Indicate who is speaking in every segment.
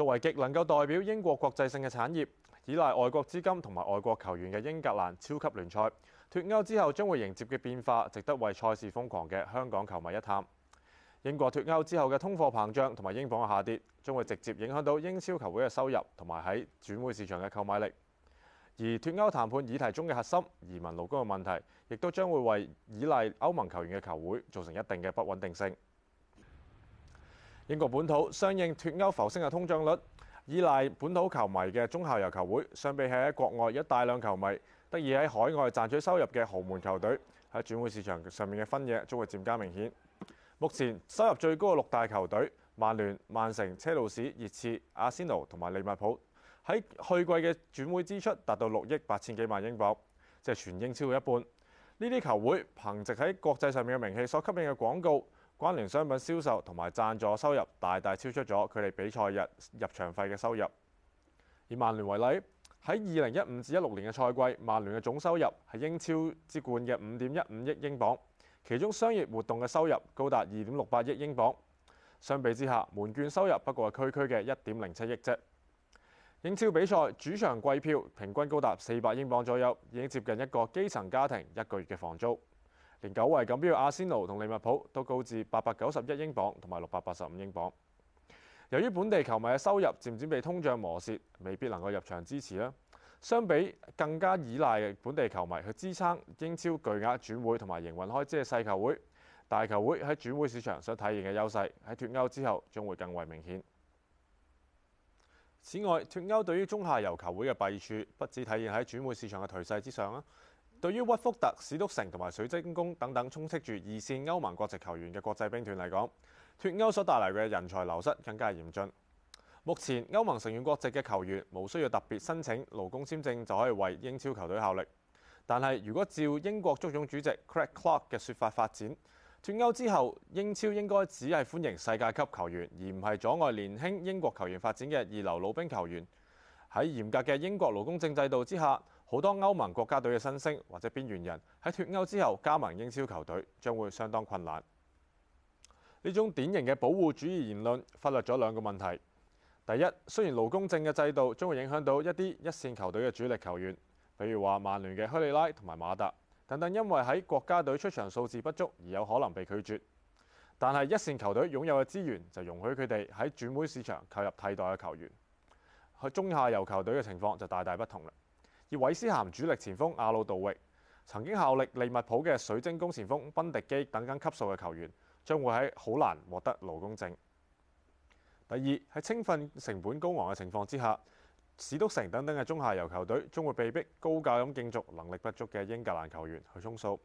Speaker 1: 作為極能夠代表英國國際性嘅產業，依賴外國資金同埋外國球員嘅英格蘭超級聯賽，脫歐之後將會迎接嘅變化，值得為賽事瘋狂嘅香港球迷一探。英國脫歐之後嘅通貨膨脹同埋英鎊嘅下跌，將會直接影響到英超球會嘅收入同埋喺轉會市場嘅購買力。而脫歐談判議題中嘅核心移民勞工嘅問題，亦都將會為依賴歐盟球員嘅球會造成一定嘅不穩定性。英國本土相應脫歐浮升嘅通脹率，依賴本土球迷嘅中下游球會，相比起喺國外有大量球迷得以喺海外賺取收入嘅豪門球隊，喺轉會市場上面嘅分野，將會漸加明顯。目前收入最高嘅六大球隊，曼聯、曼城、車路士、熱刺、阿仙奴同埋利物浦，喺去季嘅轉會支出達到六億八千幾萬英鎊，即係全英超過一半。呢啲球會憑藉喺國際上面嘅名氣，所吸引嘅廣告、關聯商品銷售同埋贊助收入大大超出咗佢哋比賽日入場費嘅收入。以曼聯為例，喺二零一五至一六年嘅賽季，曼聯嘅總收入係英超之冠嘅五點一五億英鎊，其中商業活動嘅收入高達二點六八億英鎊。相比之下，門券收入不過係區區嘅一點零七億啫。英超比賽主場季票平均高達四百英鎊左右，已經接近一個基層家庭一個月嘅房租。連九位錦標阿仙奴同利物浦都高至八百九十一英鎊同埋六百八十五英鎊。由於本地球迷嘅收入漸漸被通脹磨蝕，未必能夠入場支持啦。相比更加依賴本地球迷去支撐英超巨額轉會同埋營運開支嘅細球會、大球會喺轉會市場所體現嘅優勢，喺脫歐之後將會更為明顯。此外，脫歐對於中下游球會嘅弊處，不止體現喺轉會市場嘅頹勢之上啦。對於屈福特、史篤城同埋水晶宮等等充斥住二線歐盟國籍球員嘅國際兵團嚟講，脱歐所帶嚟嘅人才流失更加嚴峻。目前，歐盟成員國籍嘅球員無需要特別申請勞工簽證就可以為英超球隊效力。但係，如果照英國足總主席 Craig Clark 嘅說法發展，脱歐之後，英超應該只係歡迎世界級球員，而唔係阻礙年輕英國球員發展嘅二流老兵球員。喺嚴格嘅英國勞工證制度之下，好多歐盟國家隊嘅新星或者邊緣人喺脱歐之後加盟英超球隊，將會相當困難。呢種典型嘅保護主義言論忽略咗兩個問題。第一，雖然勞工證嘅制度將會影響到一啲一線球隊嘅主力球員，比如話曼聯嘅克里拉同埋馬特等等，因為喺國家隊出場數字不足而有可能被拒絕。但係一線球隊擁有嘅資源就容許佢哋喺轉會市場購入替代嘅球員。去中下游球隊嘅情況就大大不同啦。而韋斯咸主力前鋒阿魯杜域，曾經效力利物浦嘅水晶宮前鋒賓迪基等等級數嘅球員，將會喺好難獲得勞工證。第二，喺青訓成本高昂嘅情況之下，史篤城等等嘅中下游球隊，將會被逼高價咁競逐能力不足嘅英格蘭球員去充數。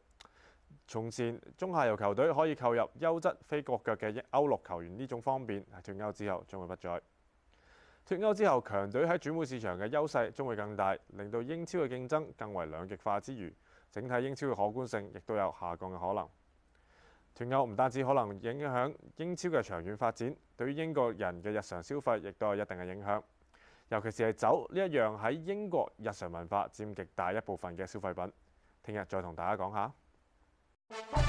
Speaker 1: 從前中下游球隊可以購入優質非國腳嘅歐陸球員呢種方便，喺脫歐之後將會不再。脫歐之後，強隊喺轉會市場嘅優勢將會更大，令到英超嘅競爭更為兩極化之餘，整體英超嘅可觀性亦都有下降嘅可能。脫歐唔單止可能影響英超嘅長遠發展，對於英國人嘅日常消費亦都有一定嘅影響，尤其是係酒呢一樣喺英國日常文化佔極大一部分嘅消費品。聽日再同大家講下。